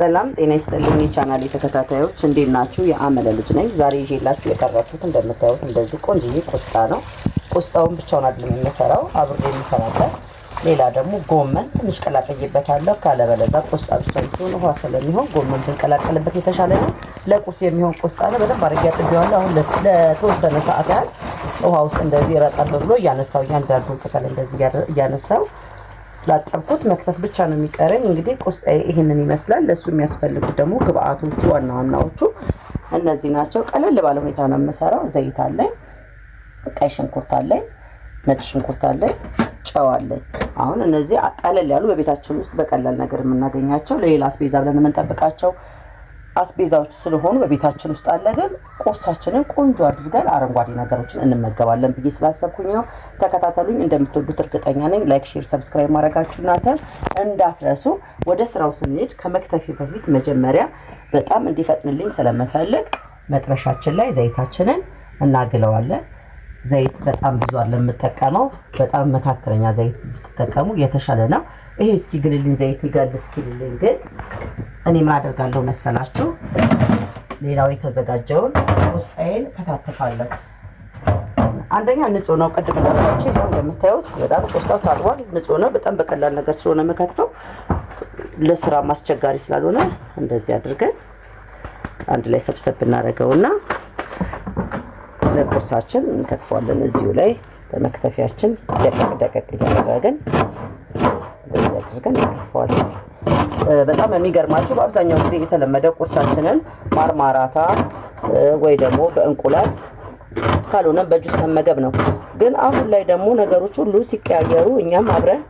ሰላም ጤና ይስጥልኝ የቻናል የተከታታዮች እንዴት ናችሁ? የአመለ ልጅ ነኝ። ዛሬ ይዤላችሁ የቀረብኩት እንደምታዩት እንደዚህ ቆንጅዬ ቆስጣ ነው። ቆስጣውን ብቻውን አይደለም የምሰራው አብሬ የምሰራበት ሌላ ደግሞ ጎመን ትንሽ ቀላቀይበታለሁ። ካለበለዛ ቆስጣ ብቻ ሲሆን ውሃ ስለሚሆን ጎመን ብንቀላቀልበት የተሻለ ነው። ለቁስ የሚሆን ቆስጣ ነው። በደንብ አድርጌ አጥቤዋለሁ። አሁን ለተወሰነ ሰዓት ያህል ውሃ ውስጥ እንደዚህ ረጠብ ብሎ እያነሳው እያንዳንዱ ቅጠል እንደዚህ እያነሳው ስላጠብኩት መክተፍ ብቻ ነው የሚቀረኝ። እንግዲህ ቆስጣዬ ይህንን ይመስላል። ለእሱ የሚያስፈልጉት ደግሞ ግብአቶቹ ዋና ዋናዎቹ እነዚህ ናቸው። ቀለል ባለ ሁኔታ ነው የምሰራው። ዘይት አለኝ፣ ቀይ ሽንኩርት አለኝ፣ ነጭ ሽንኩርት አለኝ፣ ጨው አለኝ። አሁን እነዚህ ቀለል ያሉ በቤታችን ውስጥ በቀላል ነገር የምናገኛቸው ለሌላ አስቤዛ ብለን የምንጠብቃቸው አስቤዛዎች ስለሆኑ በቤታችን ውስጥ አለ። ግን ቁርሳችንን ቆንጆ አድርገን አረንጓዴ ነገሮችን እንመገባለን ብዬ ስላሰብኩኝ ነው። ተከታተሉኝ። እንደምትወዱት እርግጠኛ ነኝ። ላይክ፣ ሼር፣ ሰብስክራይብ ማድረጋችሁ እናንተ እንዳትረሱ። ወደ ስራው ስንሄድ ከመክተፊ በፊት መጀመሪያ በጣም እንዲፈጥንልኝ ስለምፈልግ መጥረሻችን ላይ ዘይታችንን እናግለዋለን። ዘይት በጣም ብዙ አለ የምጠቀመው። በጣም መካከለኛ ዘይት ብትጠቀሙ የተሻለ ነው። ይሄ እስኪ ግልልኝ ዘይት ይጋል እስኪልልኝ ግን እኔ ምን አደርጋለሁ መሰላችሁ? ሌላው የተዘጋጀውን ውስጣዬን ከታተፋለሁ። አንደኛ ንጹህ ነው። ቅድም እንዳላችሁ ይኸው እንደምታዩት በጣም ቆስጣው ታጥቧል። ንጹህ ነው። በጣም በቀላል ነገር ስለሆነ መከትፈው ለስራ ማስቸጋሪ ስላልሆነ እንደዚህ አድርገን አንድ ላይ ሰብሰብ እናደርገውና ለቁርሳችን እንከትፈዋለን። እዚሁ ላይ በመክተፊያችን ደቀቅ ደቀቅ እያደረግን እንደዚህ አድርገን በጣም የሚገርማችሁ በአብዛኛው ጊዜ የተለመደ ቁርሳችንን ማርማራታ ወይ ደግሞ በእንቁላል ካልሆነ በጁስ መመገብ ነው። ግን አሁን ላይ ደግሞ ነገሮች ሁሉ ሲቀያየሩ እኛም አብረን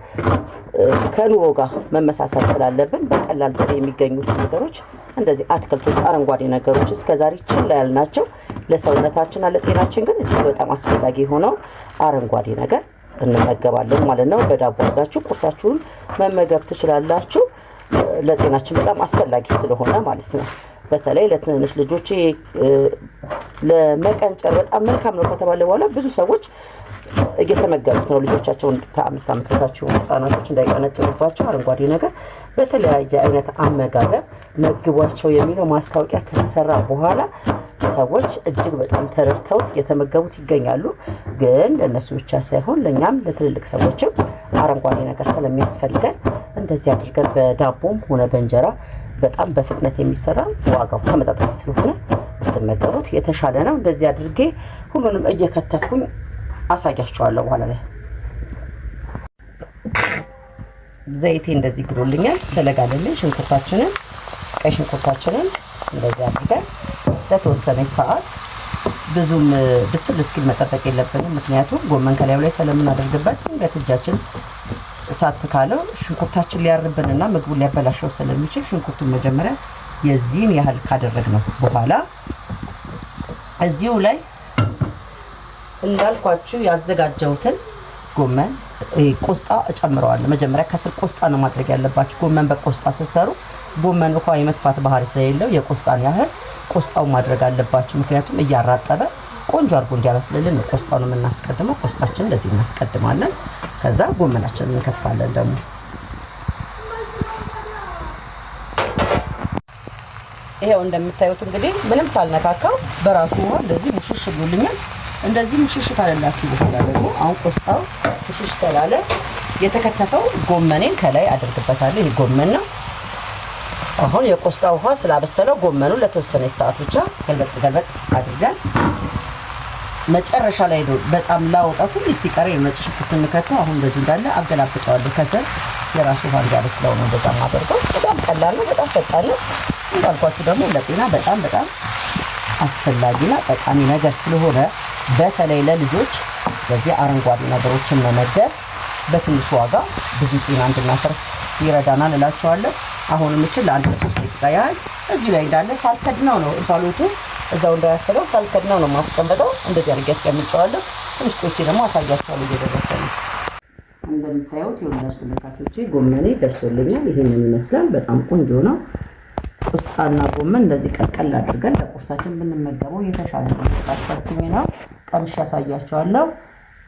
ከኑሮ ጋር መመሳሰል ስላለብን በቀላል ዘዴ የሚገኙት ነገሮች እንደዚህ አትክልቶች፣ አረንጓዴ ነገሮች እስከዛሬ ችላ ያልናቸው ለሰውነታችንና ለጤናችን ግን እጅግ በጣም አስፈላጊ የሆነው አረንጓዴ ነገር እንመገባለን ማለት ነው። በዳቦ አድርጋችሁ ቁርሳችሁን መመገብ ትችላላችሁ። ለጤናችን በጣም አስፈላጊ ስለሆነ ማለት ነው። በተለይ ለትንንሽ ልጆች ለመቀንጨር በጣም መልካም ነው ከተባለ በኋላ ብዙ ሰዎች እየተመገቡት ነው። ልጆቻቸውን ከአምስት ዓመት በታች ህጻናቶች እንዳይቀነጭሩባቸው አረንጓዴ ነገር በተለያየ አይነት አመጋገብ መግቧቸው የሚለው ማስታወቂያ ከተሰራ በኋላ ሰዎች እጅግ በጣም ተረድተው እየተመገቡት ይገኛሉ። ግን ለእነሱ ብቻ ሳይሆን ለእኛም ለትልልቅ ሰዎችም አረንጓዴ ነገር ስለሚያስፈልገን እንደዚህ አድርገን በዳቦም ሆነ በእንጀራ በጣም በፍጥነት የሚሰራ ዋጋው ተመጣጣኝ ስለሆነ ብትመገቡት የተሻለ ነው። እንደዚህ አድርጌ ሁሉንም እየከተፍኩኝ አሳያችኋለሁ በኋላ ላይ። ዘይቴ እንደዚህ ግሎልኛል። ስለጋለልኝ ሽንኩርታችንን ቀይ ሽንኩርታችንን እንደዚህ አድርገን ለተወሰነች ሰዓት ብዙም ብስል እስኪል መጠበቅ የለብንም። ምክንያቱም ጎመን ከላዩ ላይ ስለምናደርግበት ድንገት እጃችን እሳት ካለው ሽንኩርታችን ሊያርብንና ምግቡን ሊያበላሸው ስለሚችል ሽንኩርቱን መጀመሪያ የዚህን ያህል ካደረግነው በኋላ እዚሁ ላይ እንዳልኳችሁ ያዘጋጀሁትን ጎመን ቆስጣ እጨምረዋለሁ። መጀመሪያ ከስር ቆስጣ ነው ማድረግ ያለባችሁ። ጎመን በቆስጣ ስትሰሩ ጎመን ውሃ የመጥፋት ባህሪ ስለሌለው የቆስጣን ያህል ቆስጣው ማድረግ አለባችሁ። ምክንያቱም እያራጠበ ቆንጆ አድርጎ እንዲያበስልልን ነው ቆስጣውን የምናስቀድመው። ቆስጣችን እንደዚህ እናስቀድማለን። ከዛ ጎመናችን እንከትፋለን። ደግሞ ይሄው እንደምታዩት እንግዲህ ምንም ሳልነካካው በራሱ ውሃ እንደዚህ ሙሽሽ ብሎልኛል። እንደዚህ ሙሽሽ ካለላችሁ በኋላ ደግሞ አሁን ቆስጣው ምሽሽ ስላለ የተከተፈው ጎመኔን ከላይ አድርግበታለሁ። ይህ ጎመን ነው። አሁን የቆስጣ ውሃ ስላበሰለው ጎመኑ ለተወሰነ ሰዓት ብቻ ገልበጥ ገልበጥ አድርገን መጨረሻ ላይ ነው በጣም ላወጣቱ ሲቀረ የመጭ ሽኩት እንከተው። አሁን በዚህ እንዳለ አገላብጠዋለሁ። ከስር የራሱ ውሃ እንዲያበስለው ነው በዛ ማደርገው። በጣም ቀላል ነው። በጣም ፈጣን ነው። እንዳልኳችሁ ደግሞ ለጤና በጣም በጣም አስፈላጊና ጠቃሚ ነገር ስለሆነ በተለይ ለልጆች በዚህ አረንጓዴ ነገሮችን መመገብ በትንሽ ዋጋ ብዙ ጤና እንድናፈር ይረዳናል እላችኋለሁ። አሁን ምችል ለአንድ ለሶስት ደቂቃ ያህል እዚሁ ላይ እንዳለ ሳልከድነው ነው እንፋሎቱ እዛው እንዳያክለው ሳልከድነው ነው ማስቀመጠው። እንደዚህ አድርጌ አስቀምጨዋለሁ። ትንሽ ቆይቼ ደግሞ አሳያቸዋለሁ እየደረሰ ነው። እንደምታዩት የወላጅ ተመልካቾቼ ጎመኔ ደርሶልኛል። ይሄንን ይመስላል። በጣም ቆንጆ ነው። ቁስጣና ጎመን እንደዚህ ቀቀል አድርገን ለቁርሳችን ብንመገበው የተሻለ ነው። ሳሰብኩኝ ነው። ቀምሼ አሳያቸዋለሁ።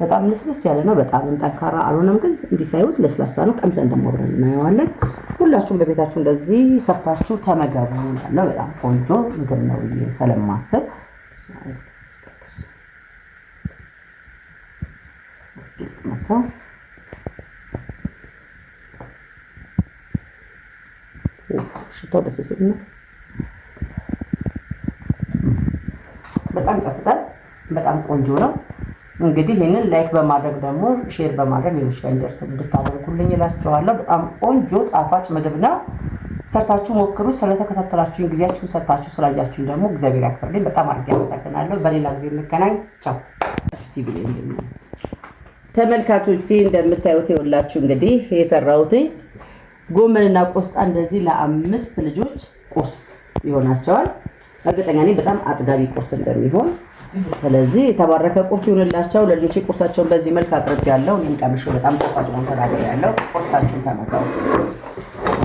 በጣም ልስልስ ያለ ነው። በጣም ጠንካራ አልሆነም፣ ግን እንዲሳዩት ለስላሳ ነው። ቀምሰን ደግሞ አብረን እናየዋለን። ሁላችሁም በቤታችሁ እንደዚህ ሰርታችሁ ተመገቡ። ያለው በጣም ቆንጆ ምግብ ነው ብዬ ስለማስብ ሰው ሽታው ደስ ሲል ነው። በጣም ቆንጆ ነው። እንግዲህ ይህንን ላይክ በማድረግ ደግሞ ሼር በማድረግ ሌሎች ላይ እንዲደርስ እንድታደርጉልኝ እላችኋለሁ። በጣም ቆንጆ ጣፋጭ ምግብ ነው። ሰርታችሁ ሞክሩ። ስለተከታተላችሁኝ፣ ጊዜያችሁን ሰርታችሁ ስላያችሁኝ ደግሞ እግዚአብሔር ያክብርልኝ። በጣም አድርጌ አመሰግናለሁ። በሌላ ጊዜ እንገናኝ። ቻው ተመልካቾቼ። እንደምታዩት የወላችሁ እንግዲህ የሰራሁት ጎመንና ቆስጣ እንደዚህ ለአምስት ልጆች ቁርስ ይሆናቸዋል። እርግጠኛ ነኝ በጣም አጥጋቢ ቁርስ እንደሚሆን። ስለዚህ የተባረከ ቁርስ ይሁንላቸው። ለልጆች ቁርሳቸውን በዚህ መልክ አቅርቤያለሁ። እኔም ቀምሼ በጣም ጣፋጭ ሆኖ ተናግሬያለሁ። ቁርሳችሁን ተመገቡ።